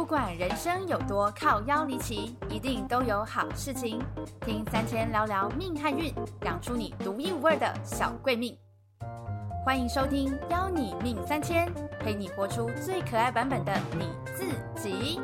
不管人生有多靠腰離奇，一定都有好事情。聽三千聊聊命和運，養出你獨一無二的小貴命。歡迎收聽《吆你命三千》，陪你活出最可愛版本的你自己。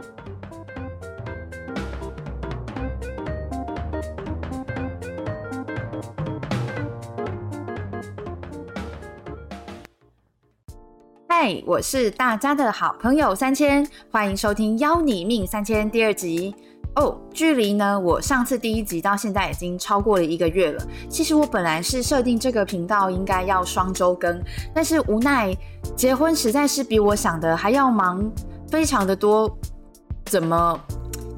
我是大家的好朋友三仟，歡迎收聽《吆你命三仟》第二集哦。距離呢，我上次第一集到現在已經超過了一個月了。其實我本來是設定這個頻道應該要雙周更，但是無奈結婚實在是比我想的還要忙，非常的多，怎麼？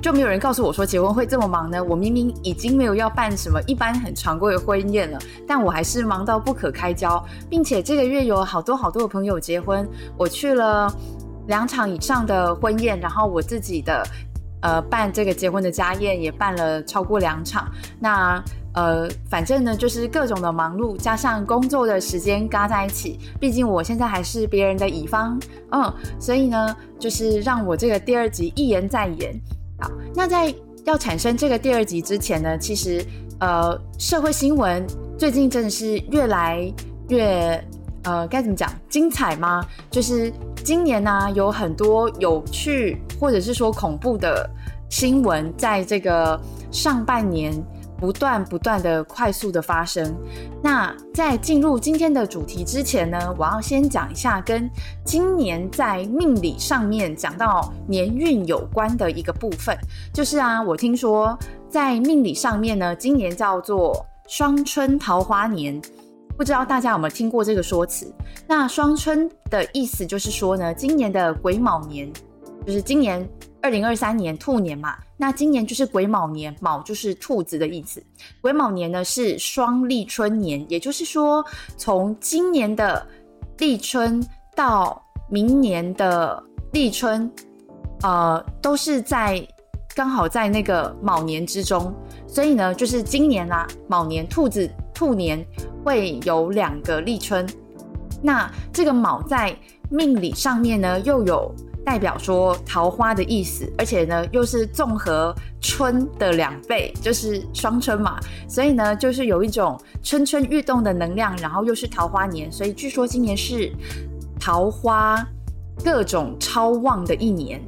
就沒有人告訴我說，結婚會這麼忙呢？我明明已經沒有要辦什麼一般很常規的婚宴了，但我還是忙到不可開交，並且這個月有好多好多的朋友結婚，我去了兩場以上的婚宴，然後我自己的呃辦這個結婚的家宴也辦了超過兩場。那呃，反正呢就是各種的忙碌，加上工作的時間嘎在一起，畢竟我現在還是別人的乙方，嗯，所以呢就是讓我這個第二集一延再延。好，那在要產生這個第二集之前呢，其實，呃，社會新聞最近真的是越來越，呃，該怎麼講，精彩嗎？就是今年呢啊，有很多有趣或者是說恐怖的新聞，在這個上半年，不斷不斷的快速的發生。那在進入今天的主題之前呢，我要先講一下跟今年在命理上面講到年運有關的一個部分，就是啊，我聽說在命理上面呢，今年叫做雙春桃花年，不知道大家有沒有聽過這個說辭？那雙春的意思就是說呢，今年的癸卯年，就是今年。二零二三年兔年嘛，那今年就是癸卯年，卯就是兔子的意思。癸卯年呢是雙立春年，也就是說，從今年的立春到明年的立春，呃，都是在剛好在那個卯年之中。所以呢，就是今年啊卯年兔子兔年會有兩個立春。那這個卯在命理上面呢，又有。代表說桃花的意思，而且呢又是綜合春的兩倍，就是雙春嘛，所以呢就是有一種蠢蠢欲動的能量，然後又是桃花年，所以據說今年是桃花各種超旺的一年。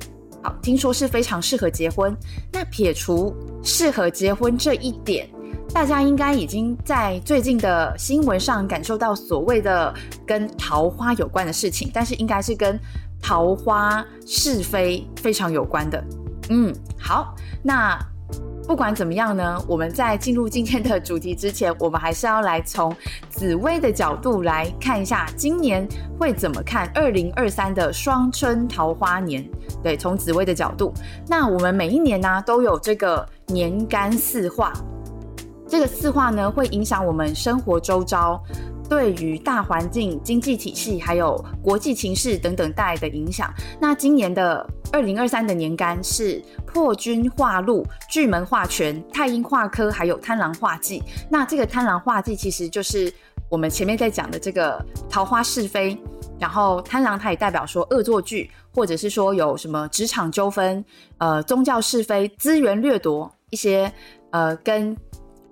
好，聽說是非常適合結婚。那撇除適合結婚這一點，大家應該已經在最近的新聞上感受到所謂的跟桃花有關的事情，但是應該是跟桃花是非非常有關的，嗯，好，那不管怎麼樣呢，我們在進入今天的主題之前，我們還是要來從紫微的角度來看一下今年會怎麼看二零二三的雙春桃花年。對，從紫微的角度，那我們每一年呢、啊、都有這個年干四化，這個四化呢會影響我們生活周遭。對於大環境、經濟體系，還有國際情勢等等帶來的影響。那今年的二零二三的年干是破軍化祿、巨門化權、太陰化科，還有貪狼化忌。那這個貪狼化忌其實就是我們前面在講的這個桃花是非。然後貪狼它也代表說惡作劇，或者是說有什麼職場糾紛、呃宗教是非、資源掠奪一些呃跟。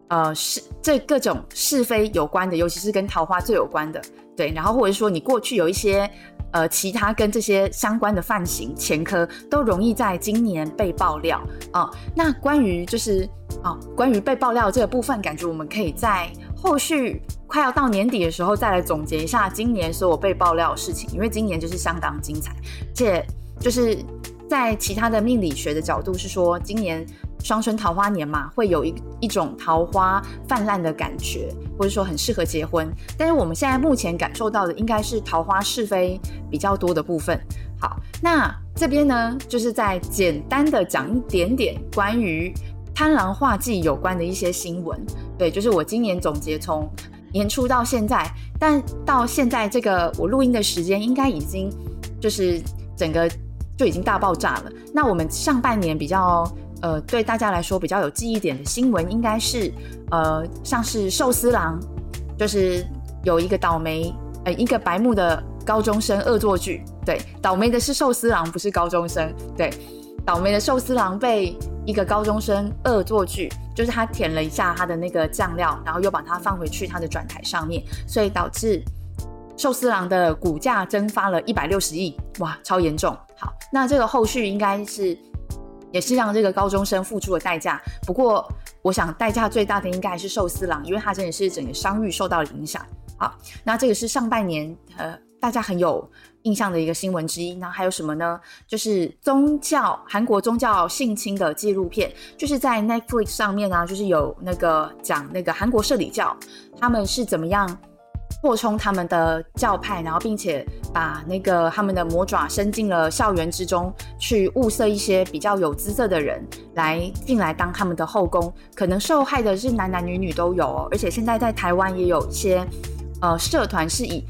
呃，是這各種是非有關的，尤其是跟桃花最有關的，對。然後，或者說你過去有一些呃其他跟這些相關的犯行前科，都容易在今年被爆料啊、哦。那關於就是啊、哦，關於被爆料的這個部分，感覺我們可以在後續快要到年底的時候再來總結一下今年所有被爆料的事情，因為今年就是相當精彩。而且就是在其他的命理學的角度是說，今年，雙春桃花年嘛，會有一一種桃花泛濫的感覺，或者說很適合結婚。但是我們現在目前感受到的，應該是桃花是非比較多的部分。好，那這邊呢，就是再簡單的講一點點關於貪狼化忌有關的一些新聞。對，就是我今年總結從年初到現在，但到現在這個我錄音的時間，應該已經就是整個就已經大爆炸了。那我們上半年比較。呃，對大家來說比較有記憶點的新聞，應該是，呃，像是壽司郎，就是有一個倒霉，呃，一個白目的高中生惡作劇。對，倒霉的是壽司郎，不是高中生。對，倒霉的壽司郎被一個高中生惡作劇，就是他舔了一下他的那個醬料，然後又把它放回去他的轉台上面，所以導致壽司郎的股價蒸發了一百六十億，哇，超嚴重。好，那這個後續應該是。也是讓這個高中生付出了代價，不過我想代價最大的應該還是壽司郎，因為他真的是整個商譽受到了影響。好，那這個是上半年呃大家很有印象的一個新聞之一。那還有什麼呢？就是宗教韓國宗教性侵的紀錄片，就是在 Netflix 上面啊，就是有那個講那個韓國攝理教他們是怎麼樣。擴充他們的教派，然後並且把那個他們的魔爪伸進了校園之中，去物色一些比較有姿色的人來進來當他們的後宮。可能受害的是男男女女都有哦，而且現在在台灣也有一些呃社團是以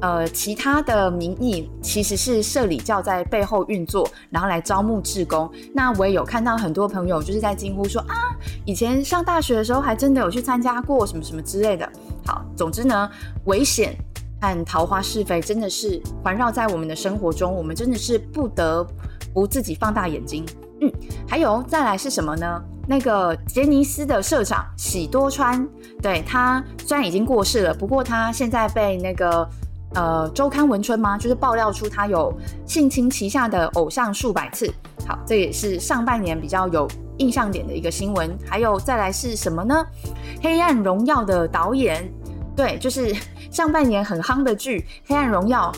呃其他的名義，其實是社里教在背後運作，然後來招募志工。那我也有看到很多朋友就是在驚呼說啊，以前上大學的時候還真的有去參加過什麼什麼之類的。好，總之呢，危險和桃花是非真的是環繞在我們的生活中，我們真的是不得不自己放大眼睛。嗯，還有再來是什麼呢？那個傑尼斯的社長喜多川，對，他雖然已經過世了，不過他現在被那個呃周刊文春嘛，就是爆料出他有性侵旗下的偶像數百次。好，這也是上半年比較有印象點的一個新聞。還有再來是什麼呢？黑暗榮耀的導演。對，就是上半年很夯的劇《黑暗榮耀》，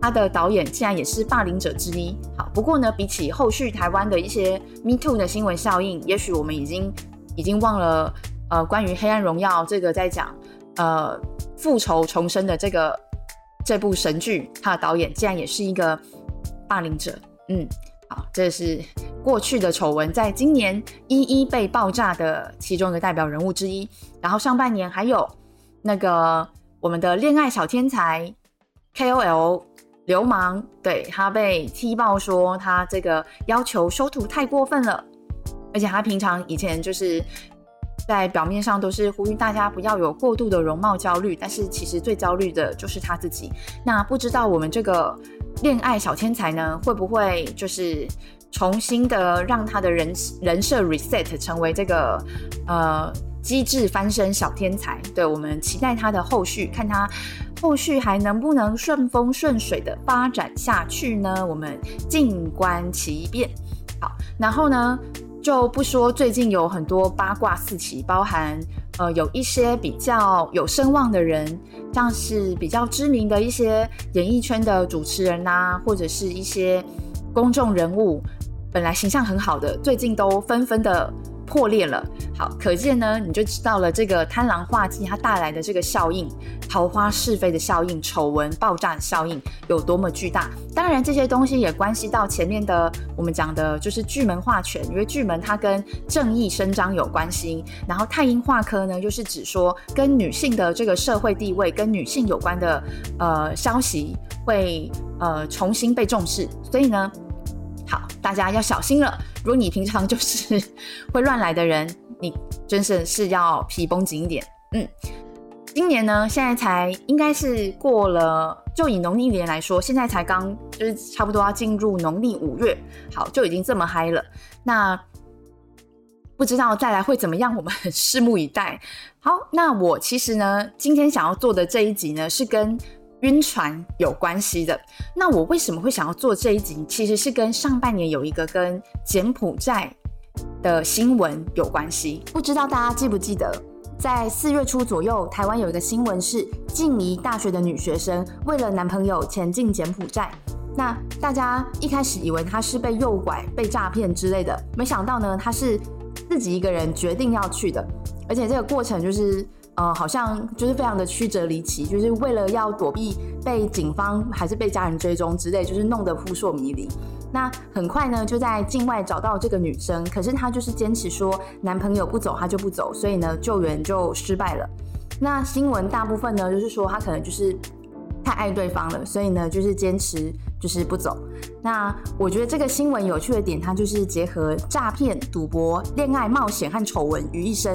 它的導演竟然也是霸凌者之一。好，不過呢，比起後續臺灣的一些 Me Too 的新聞效應，也許我們已經已經忘了，呃，關於《黑暗榮耀》這個在講，呃，復仇重生的這個這部神劇，它的導演竟然也是一個霸凌者。嗯，好，這是過去的醜聞，在今年一一被爆炸的其中一個代表人物之一。然後上半年還有。那個我們的戀愛小天才 KOL 流氓。對，他被踢爆說他這個要求收徒太過分了，而且他平常以前就是在表面上都是呼籲大家不要有過度的容貌焦慮，但是其實最焦慮的就是他自己。那不知道我們這個戀愛小天才呢，會不會就是重新的讓他的人人設 reset，成為這個呃？機智翻身小天才，對我們期待他的後續，看他後續還能不能順風順水的發展下去呢？我們靜觀其變。好，然後呢，就不說最近有很多八卦四起，包含呃有一些比較有聲望的人，像是比較知名的一些演藝圈的主持人吶、啊，或者是一些公眾人物，本來形象很好的，最近都紛紛的。破裂了，好，可見呢，你就知道了這個貪狼化忌它帶來的這個效應，桃花是非的效應，醜聞爆炸的效應有多麼巨大。當然，這些東西也關係到前面的我們講的，就是巨門化權，因為巨門它跟正義伸張有關係。然後太陰化科呢，就是指說跟女性的這個社會地位、跟女性有關的呃消息會呃重新被重視。所以呢。好，大家要小心了。如果你平常就是會亂來的人，你真是是要皮繃緊一點。嗯，今年呢，現在才應該是過了，就以農曆年來說，現在才剛就是差不多要進入農曆五月，好，就已經這麼嗨了。那不知道再來會怎麼樣，我們很拭目以待。好，那我其實呢，今天想要做的這一集呢，是跟。暈船有關係的。那我為什麼會想要做這一集？其實是跟上半年有一個跟柬埔寨的新聞有關係。不知道大家記不記得，在四月初左右，台灣有一個新聞是靜宜大學的女學生為了男朋友前進柬埔寨。那大家一開始以為她是被誘拐、被詐騙之類的，沒想到呢，她是自己一個人決定要去的，而且這個過程就是。呃，好像就是非常的曲折離奇，就是為了要躲避被警方還是被家人追蹤之類，就是弄得撲朔迷離。那很快呢，就在境外找到這個女生，可是她就是堅持說男朋友不走，她就不走，所以呢救援就失敗了。那新聞大部分呢，就是說她可能就是太愛對方了，所以呢就是堅持就是不走。那我覺得這個新聞有趣的點，它就是結合詐騙、賭博、戀愛冒險和醜聞於一身。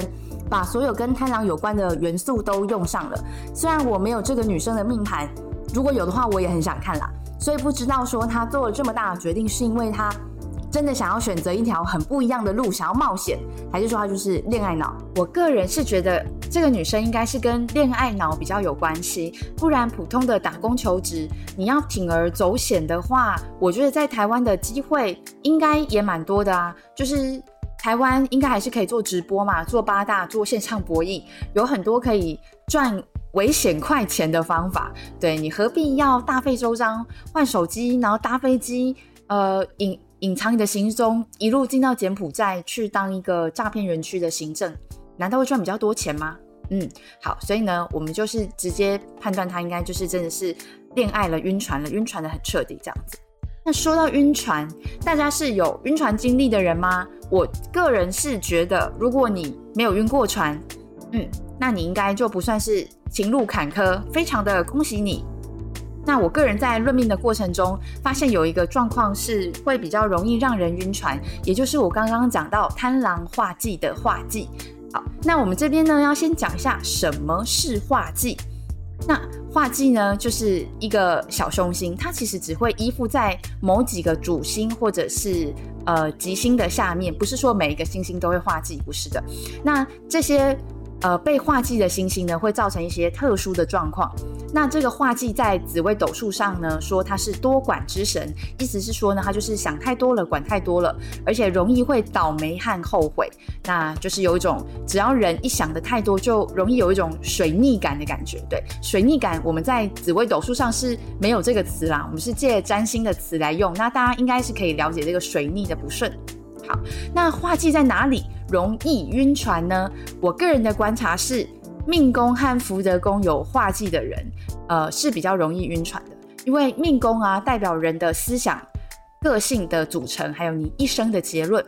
把所有跟貪狼有關的元素都用上了。雖然我沒有這個女生的命盤，如果有的話，我也很想看啦。所以不知道說她做了這麼大的決定，是因為她真的想要選擇一條很不一樣的路，想要冒險，還是說她就是戀愛腦？我個人是覺得這個女生應該是跟戀愛腦比較有關係，不然普通的打工求職，你要鋌而走險的話，我覺得在台灣的機會應該也蠻多的啊，就是。台灣應該還是可以做直播嘛，做八大，做線上博弈，有很多可以賺危險快錢的方法。對，你何必要大費周章，換手機，然後搭飛機，呃，隱隱藏你的行蹤，一路進到柬埔寨去當一個詐騙園區的行政，難道會賺比較多錢嗎？嗯，好，所以呢，我們就是直接判斷他應該就是真的是戀愛了，暈船了，暈船得很徹底這樣子。那說到暈船，大家是有暈船經歷的人嗎？我個人是覺得，如果你沒有暈過船，嗯，那你應該就不算是情路坎坷，非常的恭喜你。那我個人在論命的過程中，發現有一個狀況是會比較容易讓人暈船，也就是我剛剛講到貪狼化忌的化忌。好，那我們這邊呢，要先講一下什麼是化忌。那化忌呢，就是一個小凶星，它其實只會依附在某幾個主星或者是呃吉星的下面，不是說每一個星星都會化忌，不是的。那這些。呃，被化忌的星星呢，會造成一些特殊的狀況。那這個化忌在紫微斗數上呢，說它是多管之神，意思是說呢，它就是想太多了，管太多了，而且容易會倒霉和後悔。那就是有一種，只要人一想得太多，就容易有一種水逆感的感覺。對，水逆感我們在紫微斗數上是沒有這個詞啦，我們是借占星的詞來用。那大家應該是可以了解這個水逆的不順。那化忌在哪裡容易暈船呢？我個人的觀察是，命宮和福德宮有化忌的人，呃是比較容易暈船的，因為命宮啊代表人的思想、個性的組成，還有你一生的結論。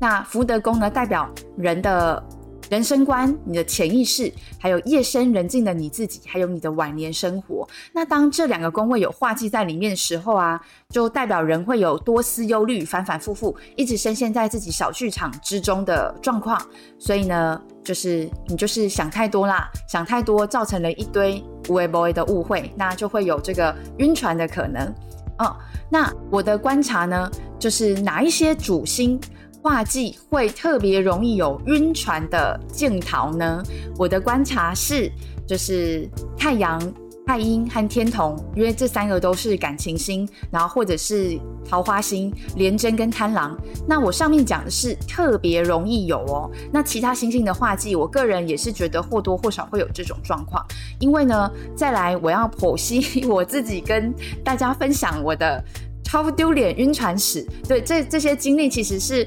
那福德宮呢，代表人的。人生觀、你的潛意識，還有夜深人靜的你自己，還有你的晚年生活。那當這兩個宮位有化忌在裡面的時候啊，就代表人會有多思憂慮，反反复复，一直深陷在自己小劇場之中的狀況。所以呢，就是你就是想太多啦，想太多造成了一堆的無謂、無謂的誤會，那就會有這個暈船的可能。哦，那我的觀察呢，就是哪一些主星化忌會特別容易有暈船的鏡頭呢？我的觀察是，就是太陽、太陰和天同，因為這三個都是感情星，然後或者是桃花星，廉貞跟貪狼。那我上面講的是特別容易有哦。那其他星星的化忌，我個人也是覺得或多或少會有這種狀況，因為呢，再來我要剖析我自己跟大家分享我的超丟臉暈船史。對，這這些經歷其實是。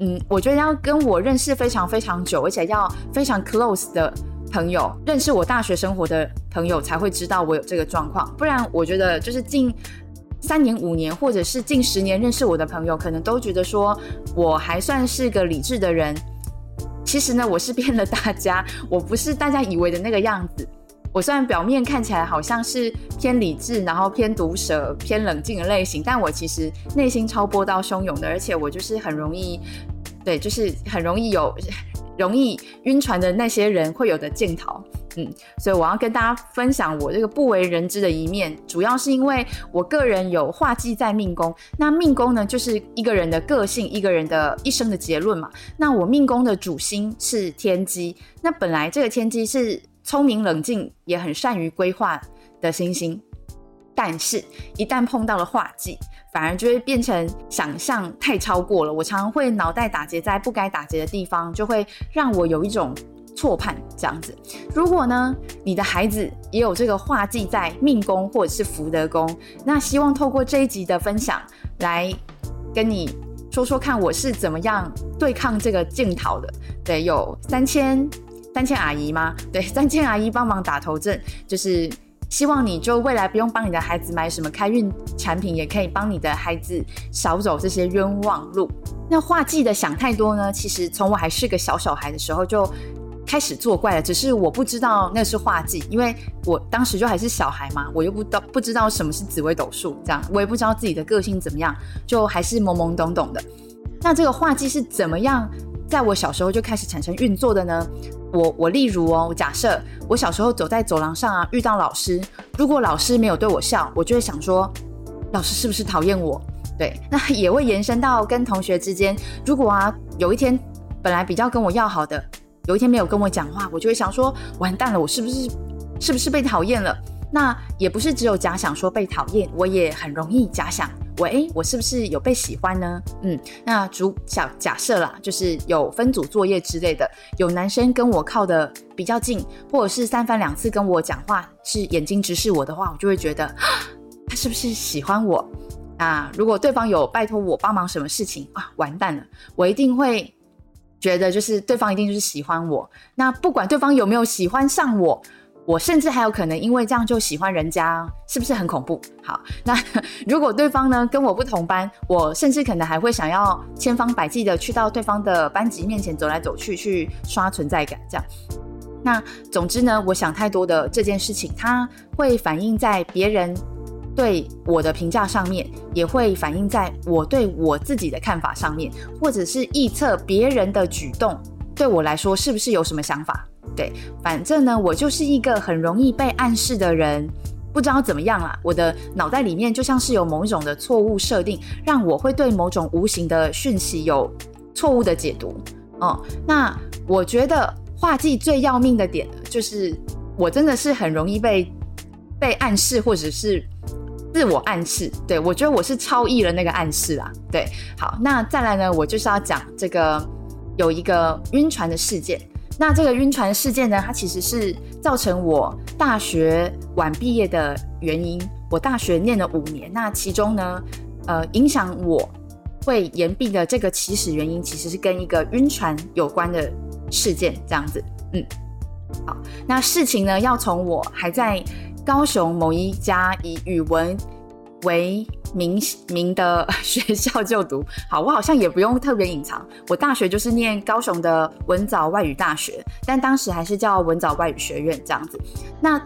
嗯，我覺得要跟我認識非常非常久，而且要非常 close 的朋友，認識我大學生活的朋友才會知道我有這個狀況。不然，我覺得就是近三年、五年，或者是近十年認識我的朋友，可能都覺得說我還算是個理智的人。其實呢，我是騙了大家，我不是大家以為的那個樣子。我雖然表面看起來好像是偏理智，然後偏毒舌、偏冷靜的類型，但我其實內心超波濤洶湧的，而且我就是很容易，對，就是很容易有容易暈船的那些人會有的鏡頭。嗯，所以我要跟大家分享我這個不為人知的一面，主要是因為我個人有化忌，在命宮。那命宮呢，就是一個人的個性，一個人的一生的結論嘛。那我命宮的主星是天機，那本來這個天機是。聰明冷靜，也很善於規劃的星星，但是，一旦碰到了化忌，反而就會變成想象太超過了。我常會腦袋打結在不該打結的地方，就會讓我有一種錯判這樣子。如果呢，你的孩子也有這個化忌，在命宮或者是福德宮，那希望透過這一集的分享來跟你說說看，我是怎麼樣對抗這個鏡頭的。得有三仟。三仟阿姨嗎？對，三仟阿姨幫忙打頭陣，就是希望你就未來不用幫你的孩子買什麼開運產品，也可以幫你的孩子少走這些冤枉路。那化忌的想太多呢？其實從我還是個小小孩的時候就開始作怪了，只是我不知道那是化忌，因為我當時就還是小孩嘛，我又不不知道什麼是紫微斗數，這樣我也不知道自己的個性怎麼樣，就還是懵懵懂懂的。那這個化忌是怎麼樣？在我小時候就開始產生運作的呢，我我例如哦，假設我小時候走在走廊上啊，遇到老師，如果老師沒有對我笑，我就會想說，老師是不是討厭我？對，那也會延伸到跟同學之間，如果啊，有一天本來比較跟我要好的，有一天沒有跟我講話，我就會想說，完蛋了，我是不是是不是被討厭了？那也不是只有假想說被討厭，我也很容易假想我、欸、我是不是有被喜歡呢？嗯，那主小假設啦，就是有分組作業之類的，有男生跟我靠得比較近，或者是三番兩次跟我講話，是眼睛直視我的話，我就會覺得他是不是喜歡我？那如果對方有拜托我幫忙什麼事情啊，完蛋了，我一定會覺得就是對方一定就是喜歡我。那不管對方有沒有喜歡上我。我甚至還有可能因為這樣就喜歡人家，是不是很恐怖？好，那如果對方呢，跟我不同班，我甚至可能還會想要千方百計的去到對方的班級面前走來走去，去刷存在感，這樣。那總之呢，我想太多的這件事情，它會反映在別人對我的評價上面，也會反映在我對我自己的看法上面，或者是臆測別人的舉動，對我來說是不是有什麼想法？對，反正呢，我就是一個很容易被暗示的人，不知道怎麼樣啊，我的腦袋裡面就像是有某一種的錯誤設定，讓我會對某種無形的訊息有錯誤的解讀。哦，那我覺得化忌最要命的點，就是我真的是很容易被被暗示，或者是自我暗示。對，我覺得我是超易了那個暗示啊。對，好，那再來呢，我就是要講這個有一個暈船的事件。那這個暈船事件呢，它其實是造成我大學晚畢業的原因。我大學念了五年，那其中呢，呃，影響我會延畢的這個起始原因，其實是跟一個暈船有關的事件，這樣子。嗯，好，那事情呢，要從我還在高雄某一家以語文為。明明的學校就讀，好，我好像也不用特別隱藏。我大學就是念高雄的文藻外語大學，但當時還是叫文藻外語學院這樣子。那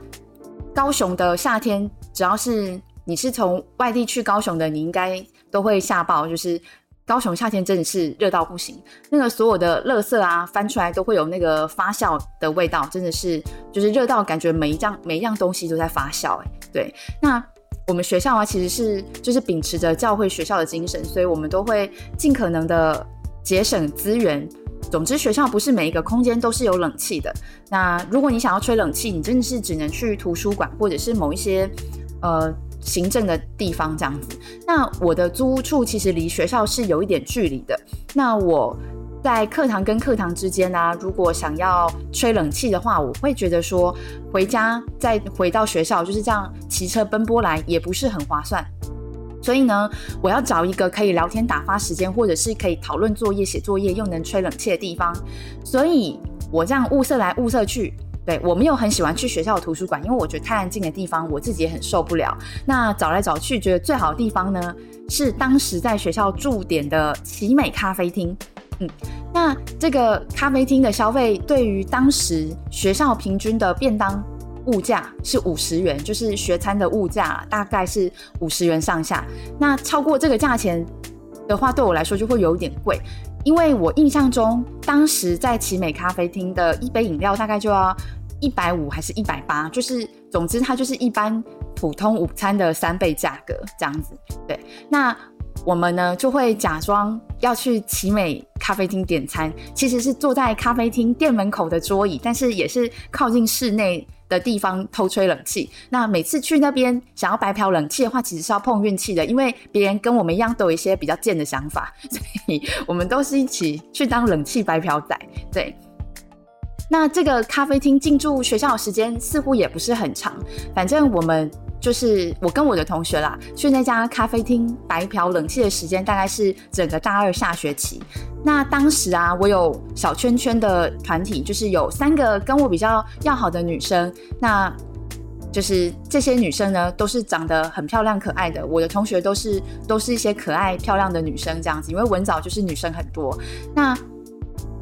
高雄的夏天，只要是你是從外地去高雄的，你應該都會嚇爆，就是高雄夏天真的是熱到不行。那個所有的垃圾啊翻出來都會有那個發酵的味道，真的是就是熱到感覺每一樣每一樣東西都在發酵、欸。哎，對，那。我們學校啊，其實是就是秉持着教會學校的精神，所以我們都會盡可能的節省資源。總之，學校不是每一個空間都是有冷氣的。那如果你想要吹冷氣，你真的是只能去圖書館或者是某一些呃行政的地方這樣子。那我的租屋處其實離學校是有一點距離的。那我。在課堂跟課堂之間呢、啊，如果想要吹冷氣的話，我會覺得說回家再回到學校就是這樣騎車奔波來也不是很划算，所以呢，我要找一個可以聊天打發時間，或者是可以討論作業、寫作業又能吹冷氣的地方。所以我這樣物色來物色去，對我沒有很喜歡去學校的圖書館，因為我覺得太安靜的地方我自己也很受不了。那找來找去，覺得最好的地方呢是當時在學校駐點的奇美咖啡廳。嗯，那這個咖啡廳的消費對於當時學校平均的便當物價是五十元，就是學餐的物價大概是五十元上下。那超過這個價錢的話，對我來說就會有點貴，因為我印象中當時在奇美咖啡廳的一杯飲料大概就要一百五還是一百八，就是總之它就是一般普通午餐的三倍價格這樣子。對，那。我們呢就會假裝要去奇美咖啡廳點餐，其實是坐在咖啡廳店門口的桌椅，但是也是靠近室內的地方偷吹冷氣。那每次去那邊想要白嫖冷氣的話，其實是要碰運氣的，因為別人跟我們一樣都有一些比較賤的想法，所以我們都是一起去當冷氣白嫖仔。對，那這個咖啡廳進駐學校的時間似乎也不是很長，反正我們。就是我跟我的同學啦，去那家咖啡廳白嫖冷氣的時間大概是整個大二下學期。那當時啊，我有小圈圈的團體，就是有三個跟我比較要好的女生。那就是這些女生呢，都是長得很漂亮可愛的。我的同學都是都是一些可愛漂亮的女生這樣子，因為文藻就是女生很多。那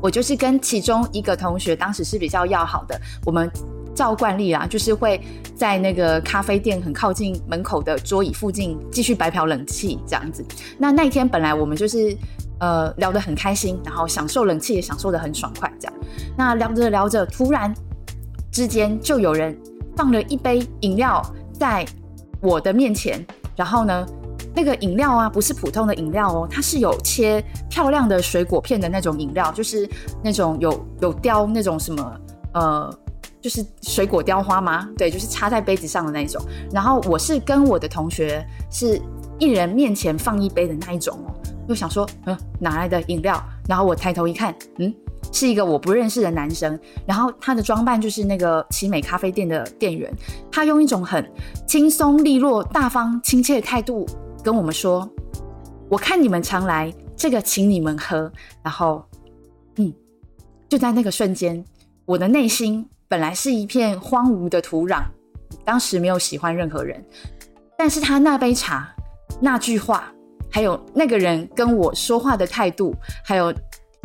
我就是跟其中一個同學，當時是比較要好的，我們。照慣例啦、啊，就是會在那個咖啡店很靠近門口的桌椅附近繼續白嫖冷氣這樣子。那那一天本來我們就是呃聊得很開心，然後享受冷氣也享受得很爽快，這樣。那聊着聊着，突然之間就有人放了一杯飲料在我的面前，然後呢，那個飲料啊不是普通的飲料哦，它是有切漂亮的水果片的那種飲料，就是那種有有雕那種什麼呃。就是水果雕花嗎？對，就是插在杯子上的那一種。然後我是跟我的同學是一人面前放一杯的那一種哦。就想說，嗯，哪來的飲料？然後我抬頭一看，嗯，是一個我不認識的男生。然後他的裝扮就是那個奇美咖啡店的店員。他用一種很輕鬆、利落、大方、親切的態度跟我們說：“我看你們常來，這個請你們喝。”然後，嗯，就在那個瞬間，我的內心，本來是一片荒蕪的土壤，當時沒有喜歡任何人，但是他那杯茶、那句話，還有那個人跟我說話的態度，還有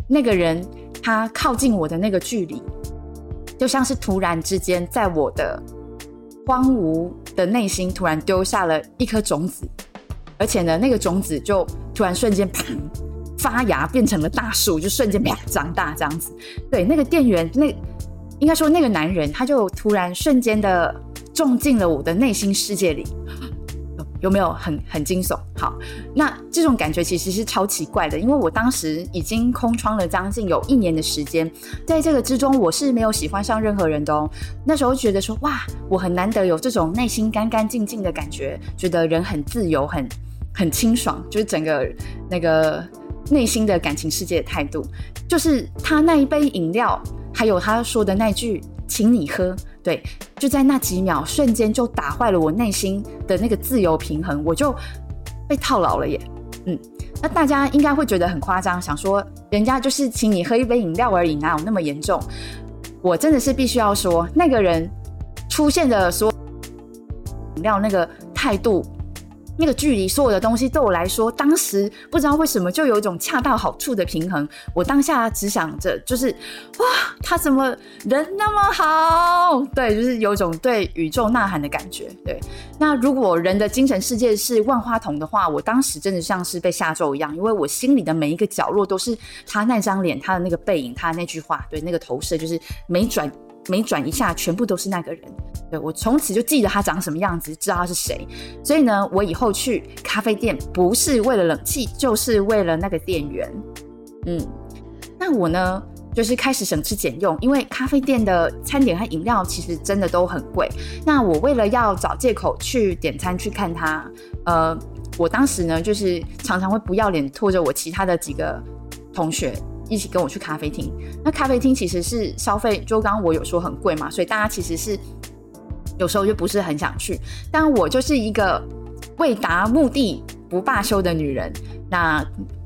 那個人他靠近我的那個距離，就像是突然之間，在我的荒蕪的內心突然丟下了一顆種子，而且呢，那個種子就突然瞬間啪發芽，變成了大樹，就瞬間啪長大，這樣子。對，那個店員那。應該說，那個男人，他就突然瞬間的，種進了我的內心世界裡，有沒有很很驚悚？好，那這種感覺其實是超奇怪的，因為我當時已經空窗了將近有一年的時間，在這個之中，我是沒有喜歡上任何人的哦。那時候覺得說，哇，我很難得有這種內心乾乾淨淨的感覺，覺得人很自由，很很清爽，就是整個那個。內心的感情世界的態度，就是他那一杯飲料，還有他說的那句“請你喝”，對，就在那幾秒瞬間就打壞了我內心的那個自由平衡，我就被套牢了耶。嗯，那大家應該會覺得很誇張，想說人家就是請你喝一杯飲料而已，哪有那麼嚴重？我真的是必須要說，那個人出現的所飲料那個態度。那個距離，所有的東西對我來說，當時不知道為什麼就有一種恰到好處的平衡。我當下只想着，就是哇，他怎麼人那麼好？對，就是有一種對宇宙吶喊的感覺。對，那如果人的精神世界是萬花筒的話，我當時真的像是被下咒一樣，因為我心裡的每一個角落都是他那張臉、他的那個背影、他那句話，對，那個投射就是沒轉。每轉一下，全部都是那個人。對我從此就記得他長什麼樣子，知道他是誰。所以呢，我以後去咖啡店不是為了冷氣，就是為了那個店員。嗯，那我呢，就是開始省吃儉用，因為咖啡店的餐點和飲料其實真的都很貴。那我為了要找借口去點餐去看他，呃，我當時呢，就是常常會不要臉拖着我其他的幾個同學。一起跟我去咖啡廳。那咖啡廳其實是消費，就剛剛我有說很貴嘛，所以大家其實是有時候就不是很想去。但我就是一個為達目的不罷休的女人，那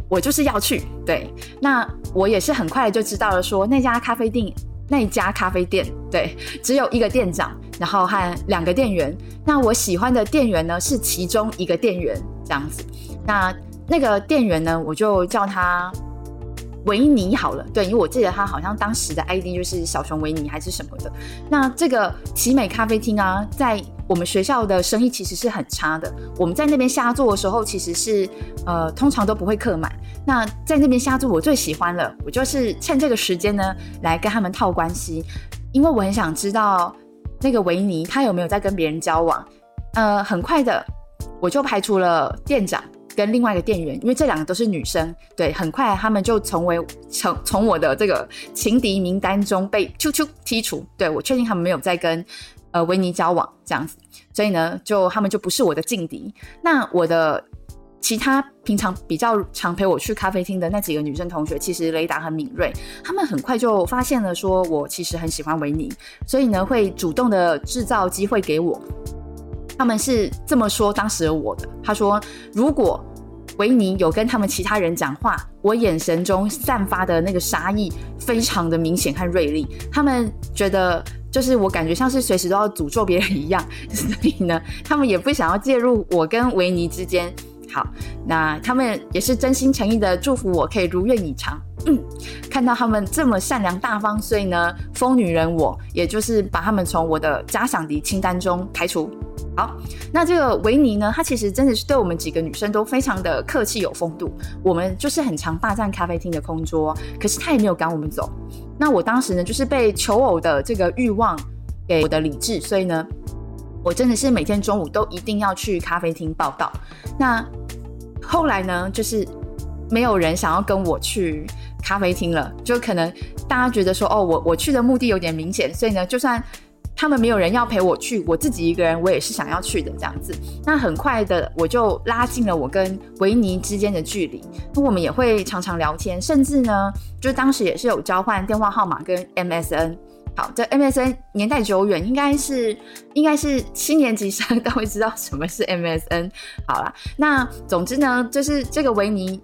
我就是要去。對，那我也是很快就知道了說，說那家咖啡店，那家咖啡店，對，只有一個店長，然後還兩個店員。那我喜歡的店員呢，是其中一個店員這樣子。那那個店員呢，我就叫他。維尼好了，對，因為我記得他好像當時的 ID 就是小熊維尼還是什麼的。那這個奇美咖啡廳啊，在我們學校的生意其實是很差的。我們在那邊瞎坐的時候，其實是呃通常都不會客滿。那在那邊瞎坐，我最喜歡了，我就是趁這個時間呢來跟他們套關係，因為我很想知道那個維尼他有沒有在跟別人交往。呃，很快的我就排除了店長。跟另外一個店員，因為這兩個都是女生，對，很快他們就成為從從我的這個情敵名單中被揪揪踢除。對，我確定他們沒有在跟呃維尼交往這樣子，所以呢，就他們就不是我的勁敵。那我的其他平常比較常陪我去咖啡廳的那幾個女生同學，其實雷達很敏銳，他們很快就發現了，說我其實很喜歡維尼，所以呢，會主動的製造機會給我。他們是這麼說當時我的，他說如果維尼有跟他們其他人講話，我眼神中散發的那個殺意非常的明顯和銳利。他們覺得就是我感覺像是隨時都要詛咒別人一樣，所以呢，他們也不想要介入我跟維尼之間。好，那他們也是真心誠意的祝福我可以如願以償。嗯，看到他們這麼善良大方，所以呢，瘋女人我也就是把他們從我的假想敵清單中排除。好，那這個維尼呢？他其實真的是對我們幾個女生都非常的客氣有風度。我們就是很常霸占咖啡廳的空桌，可是他也沒有趕我們走。那我當時呢，就是被求偶的這個慾望給我的理智，所以呢，我真的是每天中午都一定要去咖啡廳報到。那後來呢，就是沒有人想要跟我去咖啡廳了，就可能大家覺得說，哦，我我去的目的有點明顯，所以呢，就算。他們沒有人要陪我去，我自己一個人，我也是想要去的這樣子。那很快的，我就拉近了我跟維尼之間的距離。我們也會常常聊天，甚至呢，就當時也是有交換電話號碼跟 MSN。好，這 MSN 年代久遠，應該是應該是七年級生都會知道什麼是 MSN。好啦，那總之呢，就是這個維尼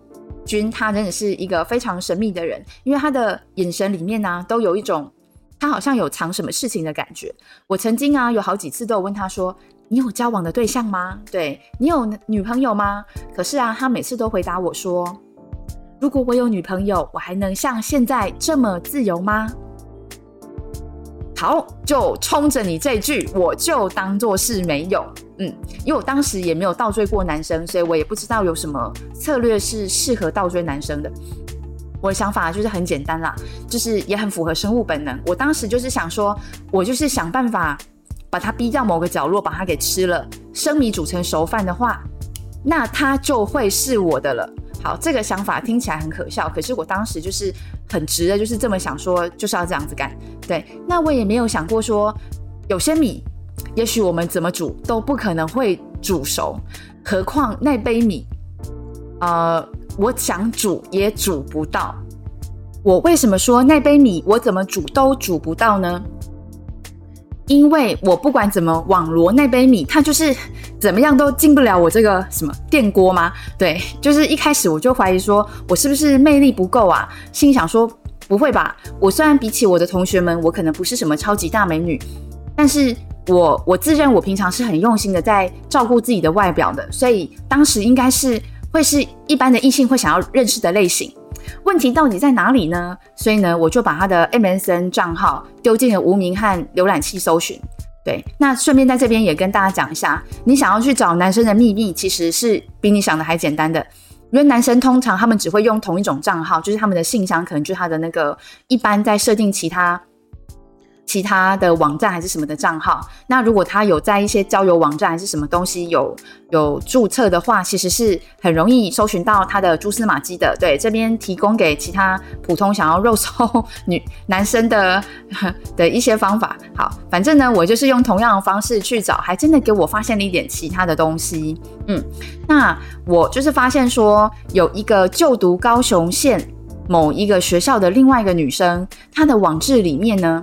君，他真的是一個非常神秘的人，因為他的眼神裡面呢、啊，都有一種。他好像有藏什麼事情的感覺。我曾經啊，有好幾次都有問他說：“你有交往的對象嗎？對，你有女朋友嗎？”可是啊，他每次都回答我說：“如果我有女朋友，我還能像現在這麼自由嗎？”好，就衝着你這句，我就當做是沒有。嗯，因為我當時也沒有倒追過男生，所以我也不知道有什麼策略是適合倒追男生的。我的想法就是很簡單啦，就是也很符合生物本能。我當時就是想說，我就是想辦法把它逼到某個角落，把它給吃了。生米煮成熟飯的話，那它就會是我的了。好，這個想法聽起來很可笑，可是我當時就是很直的，就是這麼想說，就是要這樣子幹。對，那我也沒有想過說，有些米也許我們怎麼煮都不可能會煮熟，何況那杯米。呃，我想煮也煮不到。我為什麼說那杯米我怎麼煮都煮不到呢？因為我不管怎麼網羅那杯米，它就是怎麼樣都進不了我這個什麼電鍋嗎？對，就是一開始我就懷疑說我是不是魅力不夠啊？心想說不會吧，我雖然比起我的同學們，我可能不是什麼超級大美女，但是我我自認我平常是很用心的在照顧自己的外表的，所以當時應該是。會是一般的異性會想要認識的類型，問題到底在哪裡呢？所以呢，我就把他的 MSN 賬號丟進了無名和瀏覽器搜尋。對，那順便在這邊也跟大家講一下，你想要去找男生的秘密，其實是比你想的還簡單的。因為男生通常他們只會用同一種賬號，就是他們的信箱，可能就是他的那個一般在設定其他。其他的網站還是什麼的賬號，那如果他有在一些交友網站還是什麼東西有有註冊的話，其實是很容易搜尋到他的蛛絲馬跡的。對，這邊提供給其他普通想要肉搜女男生的呵的一些方法。好，反正呢，我就是用同樣的方式去找，還真的給我發現了一點其他的東西。嗯，那我就是發現說有一個就讀高雄縣某一個學校的另外一個女生，她的網誌裡面呢。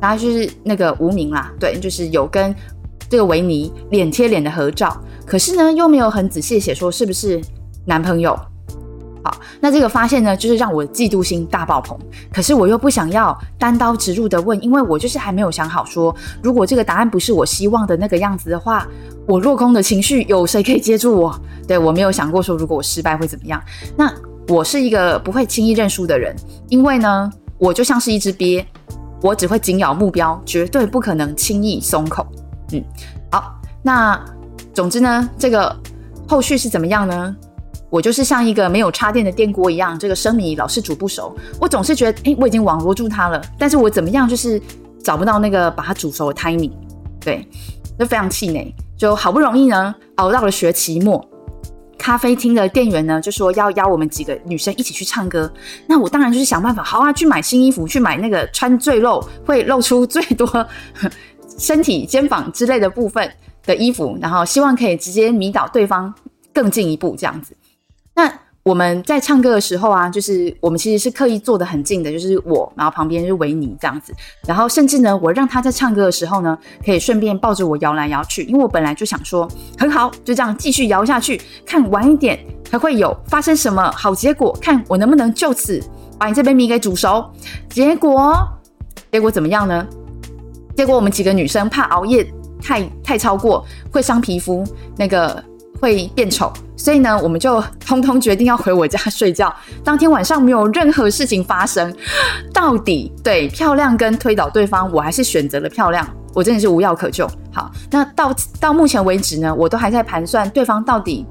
然後就是那個無名啦，對，就是有跟這個維尼臉貼臉的合照，可是呢，又沒有很仔細寫說是不是男朋友。好，那這個發現呢，就是讓我嫉妒心大爆棚。可是我又不想要單刀直入的問，因為我就是還沒有想好說，如果這個答案不是我希望的那個樣子的話，我落空的情緒有誰可以接住我？對，我沒有想過說，如果我失敗會怎麼樣。那我是一個不會輕易認輸的人，因為呢，我就像是一隻鱉。我只會緊咬目標，絕對不可能輕易鬆口。嗯，好，那總之呢，這個後續是怎麼樣呢？我就是像一個沒有插電的電鍋一樣，這個生米老是煮不熟。我總是覺得，哎，我已經網羅住他了，但是我怎麼樣就是找不到那個把它煮熟的 timing。對，就非常氣餒，就好不容易呢，熬到了學期末。咖啡廳的店員呢，就說要邀我們幾個女生一起去唱歌。那我當然就是想辦法，好啊，去買新衣服，去買那個穿最露、會露出最多身體肩膀之類的部分的衣服，然後希望可以直接迷倒對方，更進一步這樣子。那。我們在唱歌的時候啊，就是我們其實是刻意坐得很近的，就是我，然後旁邊是維尼這樣子。然後甚至呢，我讓他在唱歌的時候呢，可以順便抱着我搖來搖去，因為我本來就想說很好，就這樣繼續搖下去，看晚一點還會有發生什麼好結果，看我能不能就此把你這杯米給煮熟。結果，結果怎麼樣呢？結果我們幾個女生怕熬夜太太超過會傷皮膚，那個。會變醜，所以呢，我們就通通決定要回我家睡覺。當天晚上沒有任何事情發生，到底對漂亮跟推倒對方，我還是選擇了漂亮。我真的是無藥可救。好，那到到目前為止呢，我都還在盤算對方到底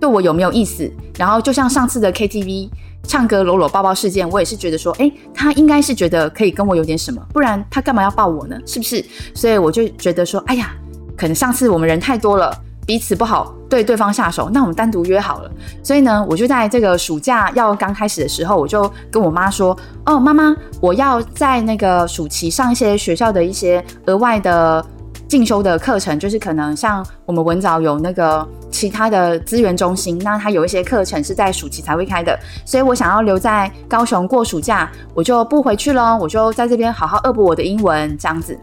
對我有沒有意思。然後就像上次的 KTV 唱歌摟摟抱抱事件，我也是覺得說，誒，他應該是覺得可以跟我有點什麼，不然他幹嘛要抱我呢？是不是？所以我就覺得說，哎呀，可能上次我們人太多了，彼此不好。對對方下手，那我們單獨約好了。所以呢，我就在這個暑假要剛開始的時候，我就跟我媽說：“哦，媽媽，我要在那個暑期上一些學校的一些額外的進修的課程，就是可能像我們文藻有那個其他的資源中心，那它有一些課程是在暑期才會開的。所以我想要留在高雄過暑假，我就不回去了，我就在這邊好好惡補我的英文，這樣子。”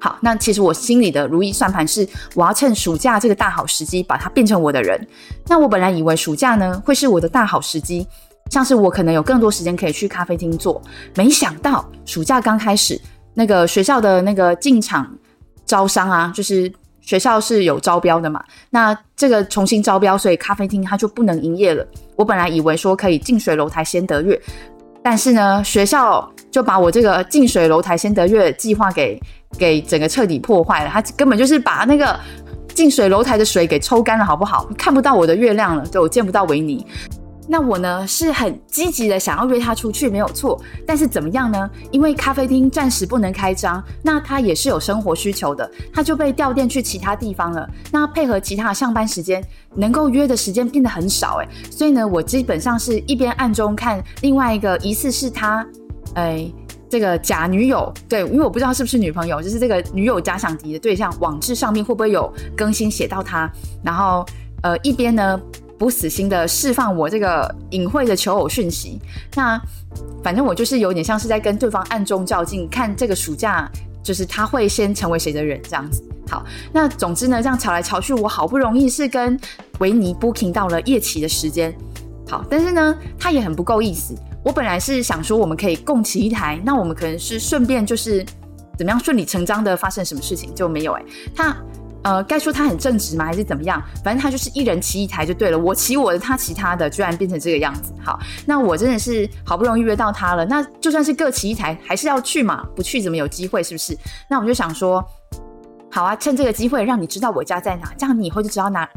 好，那其實我心裡的如意算盤是，我要趁暑假這個大好時機把它變成我的人。那我本來以為暑假呢會是我的大好時機，像是我可能有更多時間可以去咖啡廳坐。沒想到暑假剛開始，那個學校的那個進場招商啊，就是學校是有招標的嘛，那這個重新招標，所以咖啡廳它就不能營業了。我本來以為說可以近水樓台先得月，但是呢，學校就把我這個近水樓台先得月計劃給。給整個徹底破壞了，他根本就是把那個近水樓台的水給抽乾了，好不好？看不到我的月亮了，就我見不到維尼。那我呢是很積極的想要約他出去，沒有錯。但是怎麼樣呢？因為咖啡廳暫時不能開張，那他也是有生活需求的，他就被調店去其他地方了。那配合其他上班時間能夠約的時間變得很少、欸，誒，所以呢，我基本上是一邊暗中看另外一個疑似是他，哎、欸。這個假女友，對，因為我不知道是不是女朋友，就是這個女友假想敵的對象，網志上面會不會有更新寫到她？然後，呃，一邊呢不死心的釋放我這個隱晦的求偶訊息，那反正我就是有點像是在跟對方暗中較勁，看這個暑假就是她會先成為誰的人這樣子。好，那總之呢，這樣吵來吵去，我好不容易是跟維尼 booking 到了夜騎的時間，好，但是呢，他也很不夠意思。我本來是想說，我們可以共騎一台，那我們可能是順便就是怎麼樣順理成章的發生什麼事情就沒有誒、欸，他呃，該說他很正直嗎，還是怎麼樣？反正他就是一人騎一台就對了，我騎我的，他騎他的，居然變成這個樣子。好，那我真的是好不容易約到他了，那就算是各騎一台，還是要去嘛，不去怎麼有機會是不是？那我就想說，好啊，趁這個機會讓你知道我家在哪，這樣你以後就知道哪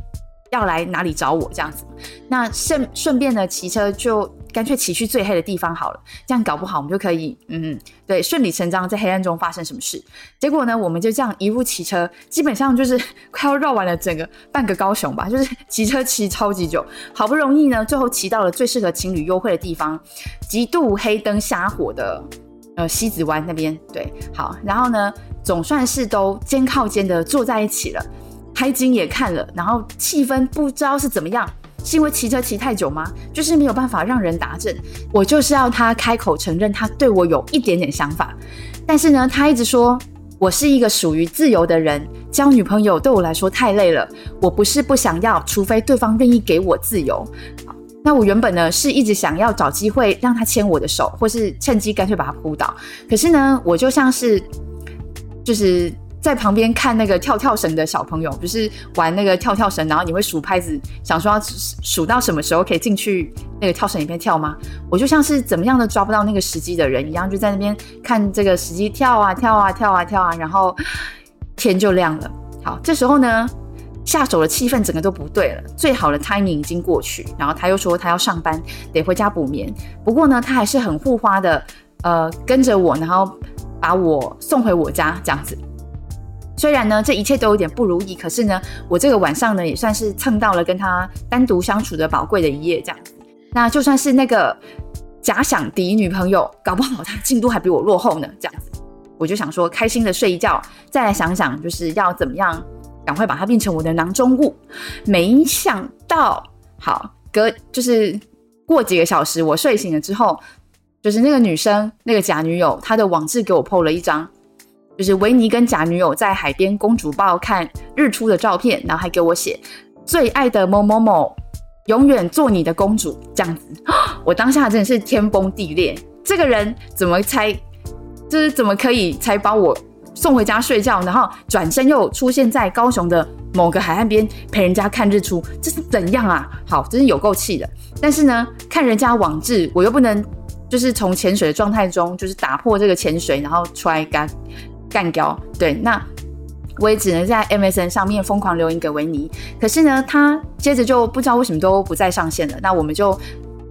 要來哪裡找我這樣子。那順順便呢，騎車就。乾脆騎去最黑的地方好了，這樣搞不好我們就可以，嗯，對，順理成章在黑暗中發生什麼事。結果呢，我們就這樣一路騎車，基本上就是快要繞完了整個半個高雄吧，就是騎車騎超級久，好不容易呢，最後騎到了最適合情侶幽會的地方，極度黑燈瞎火的，呃，西子灣那邊，對，好，然後呢，總算是都肩靠肩的坐在一起了，海景也看了，然後氣氛不知道是怎麼樣。是因為騎車騎太久嗎？就是沒有辦法讓人打證。我就是要他開口承認他對我有一點點想法，但是呢，他一直說我是一個屬於自由的人，交女朋友對我來說太累了。我不是不想要，除非對方願意給我自由。那我原本呢，是一直想要找機會讓他牽我的手，或是趁機乾脆把他撲倒。可是呢，我就像是就是。在旁邊看那個跳跳繩的小朋友，不是玩那個跳跳繩，然後你會數拍子，想說數到什麼時候可以進去那個跳繩裡面跳嗎？我就像是怎麼樣都抓不到那個時機的人一樣，就在那邊看這個時機跳啊跳啊跳啊跳啊，然後天就亮了。好，這時候呢，下手的氣氛整個都不對了，最好的 timing 已經過去。然後他又說他要上班，得回家補眠。不過呢，他還是很護花的，呃，跟着我，然後把我送回我家這樣子。雖然呢，這一切都有點不如意，可是呢，我這個晚上呢也算是蹭到了跟他單獨相處的寶貴的一夜，這樣子。那就算是那個假想敵女朋友，搞不好她進度還比我落後呢，這樣子。我就想說，開心的睡一覺，再來想想，就是要怎麼樣趕快把它變成我的囊中物。沒想到，好，隔就是過幾個小時，我睡醒了之後，就是那個女生，那個假女友，她的網志給我 PO 了一張。就是維尼跟假女友在海邊公主抱看日出的照片，然後還給我寫最愛的某某某，永遠做你的公主這樣子，我當下真的是天崩地裂，這個人怎麼才就是怎麼可以才把我送回家睡覺，然後轉身又出現在高雄的某個海岸邊陪人家看日出，這是怎樣啊？好，真是有夠氣的。但是呢，看人家網誌，我又不能就是從潛水的狀態中就是打破這個潛水，然後出來幹。幹掉，對，那我也只能在 MSN 上面瘋狂留言給維尼。可是呢，他接着就不知道為什麼都不再上線了，那我們就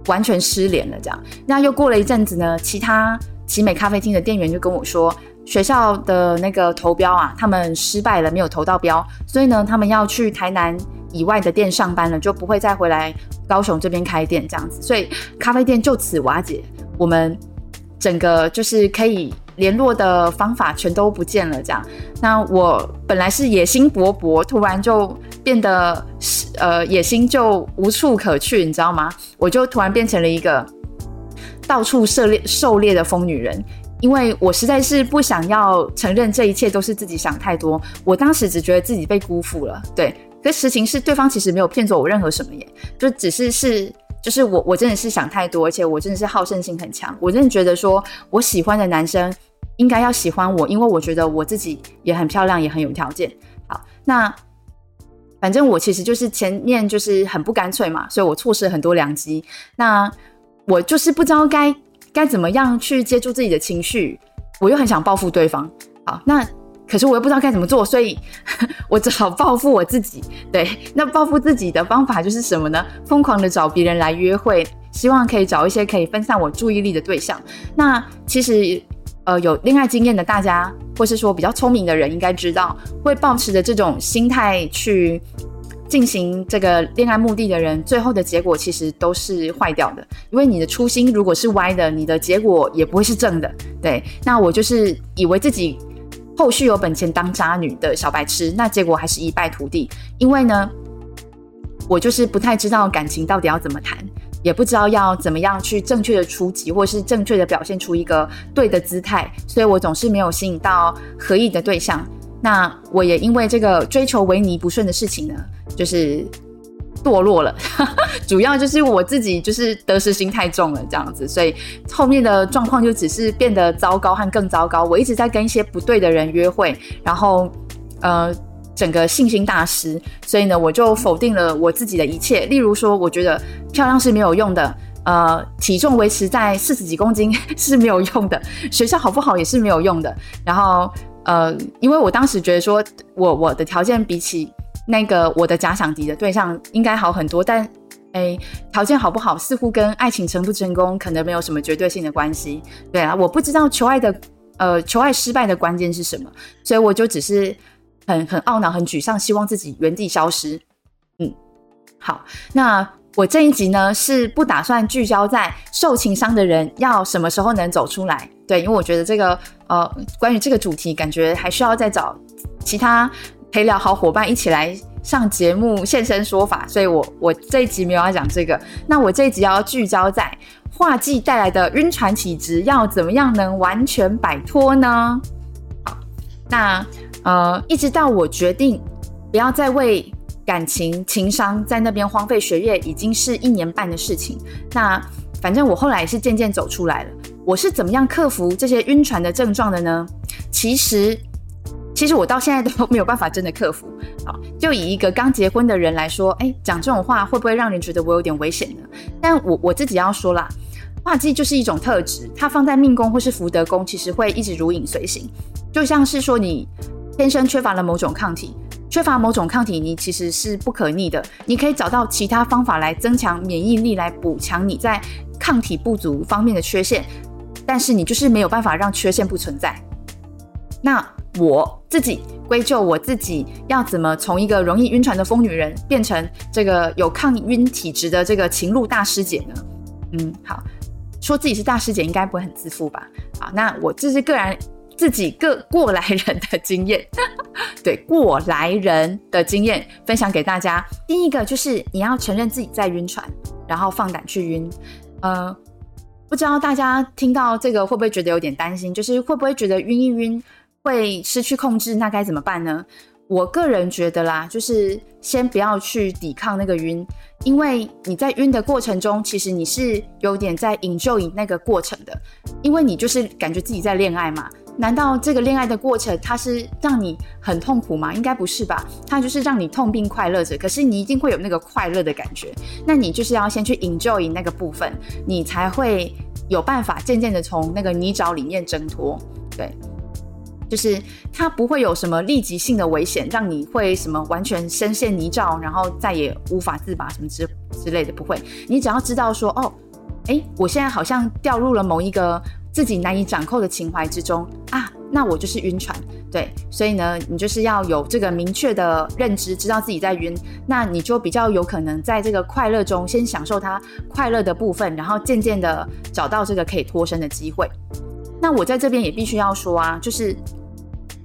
完全失聯了。這樣。那又過了一陣子呢，其他奇美咖啡廳的店員就跟我說，學校的那個投標啊，他們失敗了，沒有投到標，所以呢，他們要去台南以外的店上班了，就不會再回來高雄這邊開店這樣子。所以咖啡店就此瓦解，我們整個就是可以。聯絡的方法全都不見了，這樣，那我本來是野心勃勃，突然就變得呃野心就無處可去，你知道嗎？我就突然變成了一個到處涉獵狩獵的瘋女人，因為我實在是不想要承認這一切都是自己想太多。我當時只覺得自己被辜負了，對。可實情是，對方其實沒有騙走我任何什麼耶，就只是是就是我我真的是想太多，而且我真的是好勝心很強，我真的覺得說我喜歡的男生。應該要喜歡我，因為我覺得我自己也很漂亮，也很有條件。好，那反正我其實就是前面就是很不乾脆嘛，所以我錯失了很多良機。那我就是不知道該該怎麼樣去接住自己的情緒，我又很想報復對方。好，那可是我又不知道該怎麼做，所以我只好報復我自己。對，那報復自己的方法就是什麼呢？瘋狂的找別人來約會，希望可以找一些可以分散我注意力的對象。那其實。呃，有戀愛經驗的大家，或是說比較聰明的人，應該知道，會抱持著這種心態去進行這個戀愛目的的人，最後的結果其實都是壞掉的。因為你的初心如果是歪的，你的結果也不會是正的。對，那我就是以為自己後續有本錢當渣女的小白痴，那結果還是一敗塗地。因為呢，我就是不太知道感情到底要怎麼談。也不知道要怎麼樣去正確的出擊，或是正確的表現出一個對的姿態，所以我總是沒有吸引到合意的對象。那我也因為這個追求維尼不順的事情呢，就是墮落了。 主要就是我自己就是得失心太重了，這樣子，所以後面的狀況就只是變得糟糕和更糟糕。我一直在跟一些不對的人約會，然後，呃。整個信心大失，所以呢，我就否定了我自己的一切。例如說，我覺得漂亮是沒有用的，呃，體重維持在四十幾公斤是沒有用的，學校好不好也是沒有用的。然後，呃，因為我當時覺得說，我我的條件比起那個我的假想敵的對象應該好很多，但誒，條件好不好似乎跟愛情成不成功可能沒有什麼絕對性的關係。對啊，我不知道求愛的呃，求愛失敗的關鍵是什麼，所以我就只是。很很懊惱，很沮喪，希望自己原地消失。嗯，好，那我這一集呢是不打算聚焦在受情傷的人要什麼時候能走出來。對，因為我覺得這個呃，關於這個主題，感覺還需要再找其他陪聊好伙伴一起來上節目現身說法。所以我我這一集沒有要講這個。那我這一集要聚焦在化忌帶來的暈船體質要怎麼樣能完全擺脫呢？好，那。呃，一直到我決定不要再為感情、情傷在那邊荒廢學業，已經是一年半的事情。那反正我後來是漸漸走出來了。我是怎麼樣克服這些暈船的症狀的呢？其實，其實我到現在都沒有辦法真的克服。好，就以一個剛結婚的人來說，哎，講這種話會不會讓人覺得我有點危險呢？但我我自己要說啦，化忌就是一種特質，它放在命宮或是福德宮，其實會一直如影隨形，就像是說你。天生缺乏了某種抗體，缺乏某種抗體，你其實是不可逆的。你可以找到其他方法來增強免疫力，來補強你在抗體不足方面的缺陷，但是你就是沒有辦法讓缺陷不存在。那我自己歸咎我自己，要怎麼從一個容易暈船的瘋女人變成這個有抗暈體質的這個情路大師姐呢？嗯，好，說自己是大師姐應該不會很自負吧？啊，那我這是個人。自己個過來人的經驗， 對，過來人的經驗分享給大家。第一個就是你要承認自己在暈船，然後放膽去暈。呃，不知道大家聽到這個會不會覺得有點擔心？就是會不會覺得暈一暈會失去控制？那該怎麼辦呢？我個人覺得啦，就是先不要去抵抗那個暈，因為你在暈的過程中，其實你是有點在 enjoy 那個過程的，因為你就是感覺自己在戀愛嘛。難道這個戀愛的過程它是讓你很痛苦嗎？應該不是吧，它就是讓你痛並快樂着。可是你一定會有那個快樂的感覺，那你就是要先去 enjoy 那個部分，你才會有辦法漸漸的從那個泥沼裡面掙脫。對，就是它不會有什麼立即性的危險，讓你會什麼完全深陷泥沼，然後再也無法自拔什麼之之類的，不會。你只要知道說，哦，誒，我現在好像掉入了某一個。自己難以掌控的情懷之中啊，那我就是暈船。對，所以呢，你就是要有這個明確的認知，知道自己在暈，那你就比較有可能在這個快樂中先享受它快樂的部分，然後漸漸的找到這個可以脫身的機會。那我在這邊也必須要說啊，就是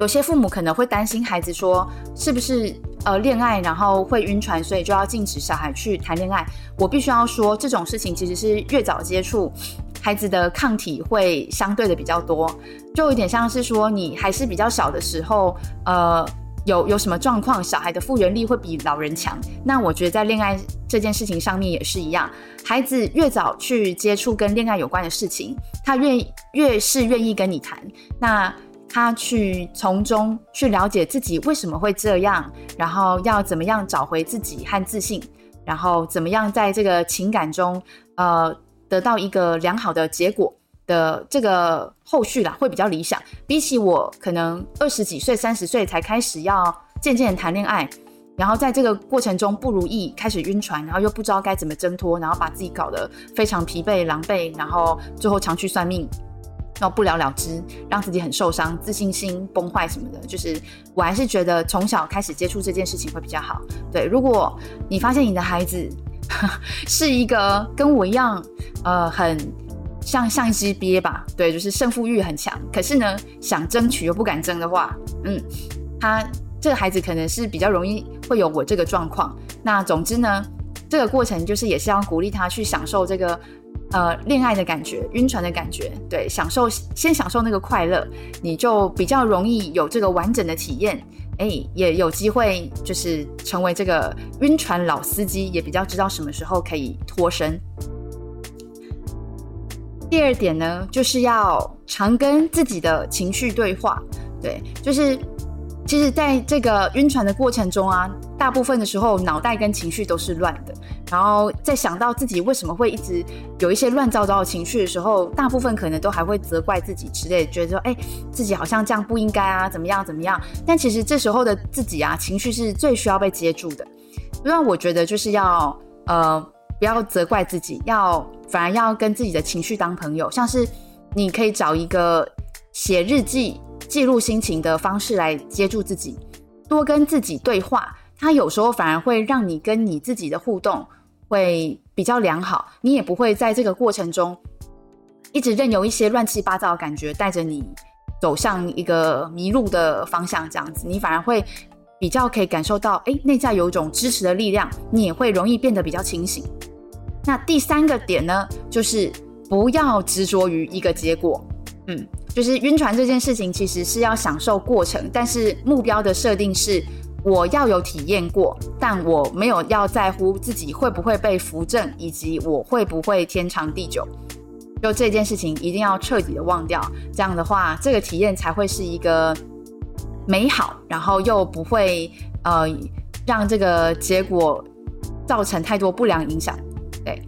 有些父母可能會擔心孩子說是不是呃戀愛然後會暈船，所以就要禁止小孩去談戀愛。我必須要說這種事情其實是越早接觸。孩子的抗體會相對的比較多，就有點像是說你還是比較小的時候，呃，有有什麼狀況，小孩的復原力會比老人強。那我覺得在戀愛這件事情上面也是一樣，孩子越早去接觸跟戀愛有關的事情，他願意越，越是願意跟你談，那他去從中去了解自己為什麼會這樣，然後要怎麼樣找回自己和自信，然後怎麼樣在這個情感中，呃。得到一個良好的結果的這個後續啦，會比較理想。比起我可能二十幾歲、三十歲才開始要漸漸談戀愛，然後在這個過程中不如意，開始暈船，然後又不知道該怎麼掙脫，然後把自己搞得非常疲憊、狼狽，然後最後常去算命，然後不了了之，讓自己很受傷，自信心崩壞什麼的，就是我還是覺得從小開始接觸這件事情會比較好。對，如果你發現你的孩子。 是一個跟我一樣，呃，很像像一隻鱉吧？對，就是勝負欲很強。可是呢，想爭取又不敢爭的話，嗯，他這個孩子可能是比較容易會有我這個狀況。那總之呢，這個過程就是也是要鼓勵他去享受這個呃戀愛的感覺、暈船的感覺，對，享受先享受那個快樂，你就比較容易有這個完整的體驗。哎、欸，也有機會，就是成為這個暈船老司機，也比較知道什麼時候可以脫身。第二點呢，就是要常跟自己的情緒對話。對，就是其實在這個暈船的過程中啊，大部分的時候腦袋跟情緒都是亂的。然後在想到自己為什麼會一直有一些亂糟糟的情緒的時候，大部分可能都還會責怪自己之類的，覺得說，哎、欸，自己好像這樣不應該啊，怎麼樣怎麼樣？但其實這時候的自己啊，情緒是最需要被接住的。因為我覺得就是要，呃，不要責怪自己，要反而要跟自己的情緒當朋友。像是你可以找一個寫日記、記錄心情的方式來接住自己，多跟自己對話，它有時候反而會讓你跟你自己的互動。會比較良好，你也不會在這個過程中一直任由一些亂七八糟的感覺帶着你走向一個迷路的方向，這樣子，你反而會比較可以感受到，哎，內在有一種支持的力量，你也會容易變得比較清醒。那第三個點呢，就是不要執着於一個結果，嗯，就是暈船這件事情，其實是要享受過程，但是目標的設定是。我要有體驗過，但我沒有要在乎自己會不會被扶正，以及我會不會天長地久。就這件事情，一定要徹底的忘掉。這樣的話，這個體驗才會是一個美好，然後又不會呃讓這個結果造成太多不良影響。對，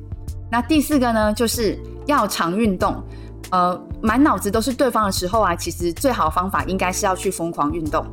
那第四個呢，就是要常運動。呃，滿腦子都是對方的時候啊，其實最好方法應該是要去瘋狂運動。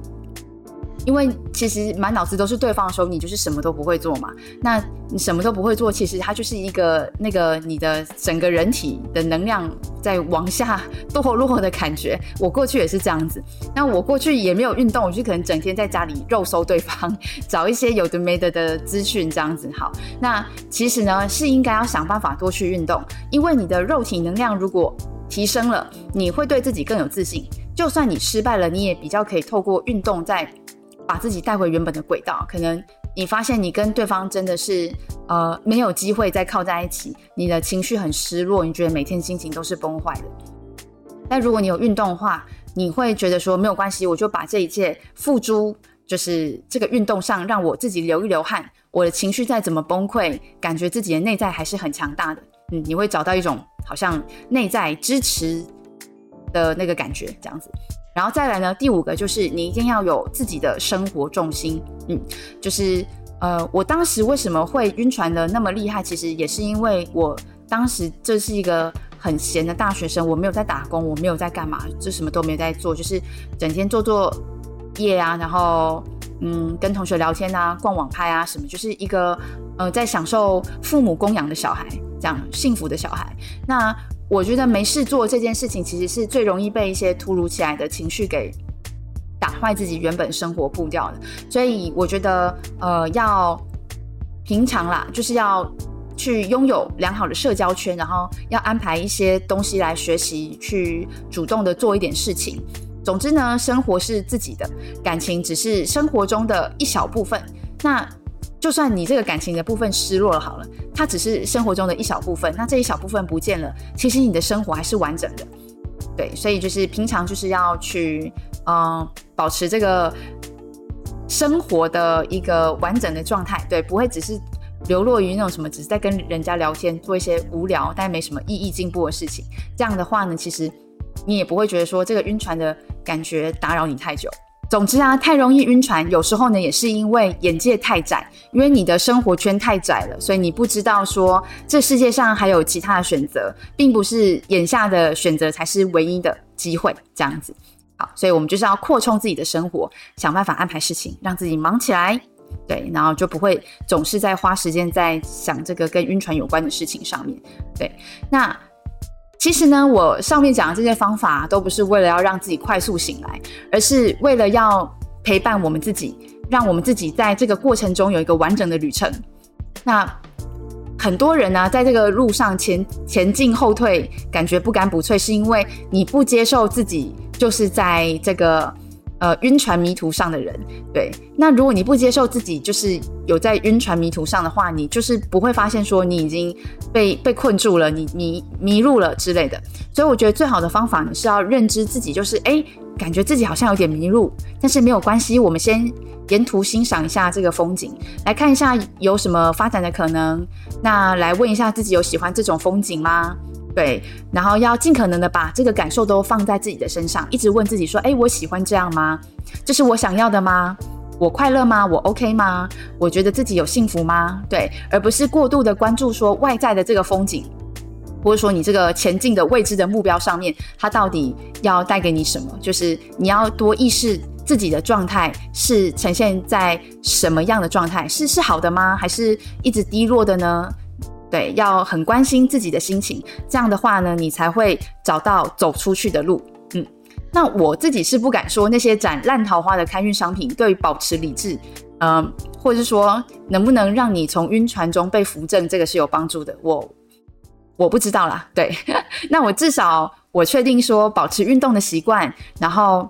因為其實滿腦子都是對方的時候，你就是什麼都不會做嘛。那你什麼都不會做，其實它就是一個那個你的整個人體的能量在往下墮落的感覺。我過去也是這樣子，那我過去也沒有運動，我就可能整天在家裡肉搜對方，找一些有的沒的的資訊這樣子。好，那其實呢是應該要想辦法多去運動，因為你的肉體能量如果提升了，你會對自己更有自信。就算你失敗了，你也比較可以透過運動在。把自己帶回原本的軌道，可能你發現你跟對方真的是呃沒有機會再靠在一起，你的情緒很失落，你覺得每天心情都是崩壞的。但如果你有運動的話，你會覺得說沒有關係，我就把這一切付諸就是這個運動上，讓我自己流一流汗，我的情緒再怎麼崩潰，感覺自己的內在還是很強大的。嗯，你會找到一種好像內在支持的那個感覺，這樣子。然後再來呢，第五個就是你一定要有自己的生活重心。嗯，就是呃，我當時為什麼會暈船的那麼厲害？其實也是因為我當時就是一個很閒的大學生，我沒有在打工，我沒有在幹嘛，就什麼都沒有在做，就是整天做作業啊，然後嗯，跟同學聊天啊，逛網拍啊，什麼，就是一個呃，在享受父母供養的小孩，這樣幸福的小孩。那我覺得沒事做這件事情，其實是最容易被一些突如其來的情緒給打壞自己原本生活步調的。所以我覺得，呃，要平常啦，就是要去擁有良好的社交圈，然後要安排一些東西來學習，去主動的做一點事情。總之呢，生活是自己的，感情只是生活中的一小部分。那。就算你這個感情的部分失落了，好了，它只是生活中的一小部分。那這一小部分不見了，其實你的生活還是完整的。對，所以就是平常就是要去，嗯，保持這個生活的一個完整的狀態。對，不會只是流落於那種什麼，只是在跟人家聊天，做一些無聊但沒什麼意義進步的事情。這樣的話呢，其實你也不會覺得說這個暈船的感覺打擾你太久。總之啊，太容易暈船，有時候呢也是因為眼界太窄，因為你的生活圈太窄了，所以你不知道說這世界上還有其他的選擇，並不是眼下的選擇才是唯一的機會這樣子。好，所以我們就是要擴充自己的生活，想辦法安排事情，讓自己忙起來，對，然後就不會總是在花時間在想這個跟暈船有關的事情上面，對，那。其實呢，我上面講的這些方法都不是為了要讓自己快速醒來，而是為了要陪伴我們自己，讓我們自己在這個過程中有一個完整的旅程。那很多人呢、啊，在這個路上前前進後退，感覺不乾不脆，是因為你不接受自己就是在這個。呃，暈船迷途上的人，對。那如果你不接受自己就是有在暈船迷途上的話，你就是不會發現說你已經被被困住了，你迷迷路了之類的。所以我覺得最好的方法你是要認知自己，就是誒，感覺自己好像有點迷路，但是沒有關係，我們先沿途欣賞一下這個風景，來看一下有什麼發展的可能。那來問一下自己，有喜歡這種風景嗎？對，然後要盡可能的把這個感受都放在自己的身上，一直問自己說，哎，我喜歡這樣嗎？這是我想要的嗎？我快樂嗎？我 OK 嗎？我覺得自己有幸福嗎？對，而不是過度的關注說外在的這個風景，或者說你這個前進的未知的目標上面，它到底要帶給你什麼？就是你要多意識自己的狀態是呈現在什麼樣的狀態，是是好的嗎？還是一直低落的呢？對，要很關心自己的心情，這樣的話呢，你才會找到走出去的路。嗯，那我自己是不敢說那些斬爛桃花的開運商品，對保持理智，嗯、呃，或者是說能不能讓你從暈船中被扶正，這個是有幫助的。我，我不知道啦。對， 那我至少我確定說，保持運動的習慣，然後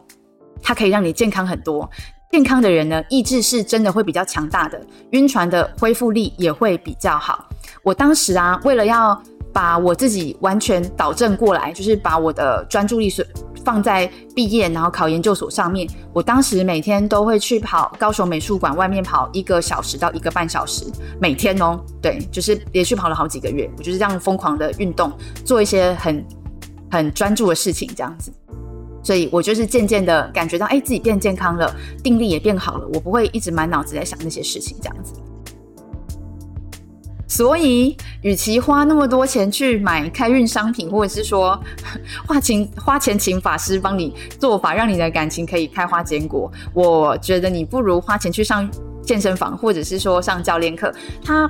它可以讓你健康很多。健康的人呢，意志是真的會比較強大的，暈船的恢復力也會比較好。我當時啊，為了要把我自己完全導正過來，就是把我的專注力是放在畢業，然後考研究所上面。我當時每天都會去跑高雄美術館外面跑一個小時到一個半小時，每天哦，對，就是連續跑了好幾個月，我就是這樣瘋狂的運動，做一些很很專注的事情，這樣子。所以，我就是漸漸的感覺到，哎、欸，自己變健康了，定力也變好了，我不會一直滿腦子在想那些事情，這樣子。所以，與其花那麼多錢去買開運商品，或者是說花錢、花錢請法師幫你做法，讓你的感情可以開花結果，我覺得你不如花錢去上健身房，或者是說上教練課，他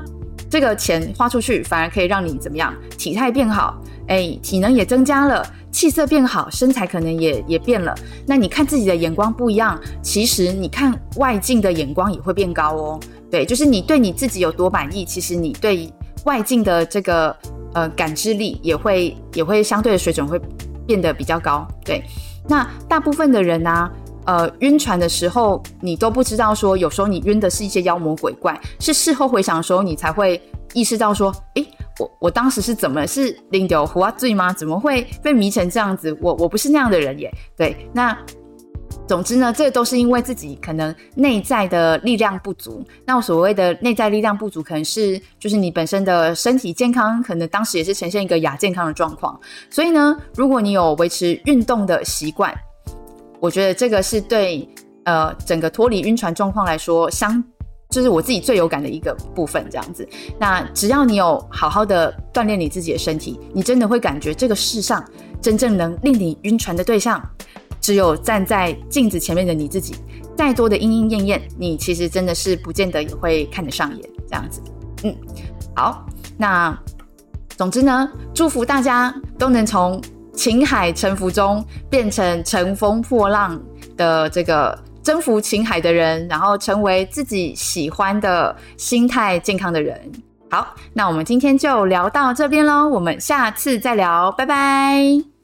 這個錢花出去，反而可以讓你怎麼樣，體態變好。誒、欸，體能也增加了，氣色變好，身材可能也也變了。那你看自己的眼光不一樣，其實你看外境的眼光也會變高哦。對，就是你對你自己有多滿意，其實你對外境的這個呃感知力也會也會相對的水準會變得比較高。對，那大部分的人呢、啊，呃，暈船的時候你都不知道說，有時候你暈的是一些妖魔鬼怪，是事後回想的時候你才會意識到說，誒、欸。我我當時是怎麼是拎着壺啊，醉嗎？怎麼會被迷成這樣子？我我不是那樣的人耶。對，那總之呢，這個、都是因為自己可能內在的力量不足。那我所謂的內在力量不足，可能是就是你本身的身體健康，可能當時也是呈現一個亞健康的狀況。所以呢，如果你有維持運動的習慣，我覺得這個是對呃整個脫離暈船狀況來說相。就是我自己最有感的一個部分，這樣子。那只要你有好好的鍛鍊你自己的身體，你真的會感覺這個世上真正能令你暈船的對象，只有站在鏡子前面的你自己。再多的鶯鶯燕燕，你其實真的是不見得也會看得上眼，這樣子。嗯，好。那總之呢，祝福大家都能從情海沉浮中變成，成乘風破浪的這個。征服情海的人，然後成為自己喜歡的、心態健康的人。好，那我們今天就聊到這邊嘍，我們下次再聊，拜拜。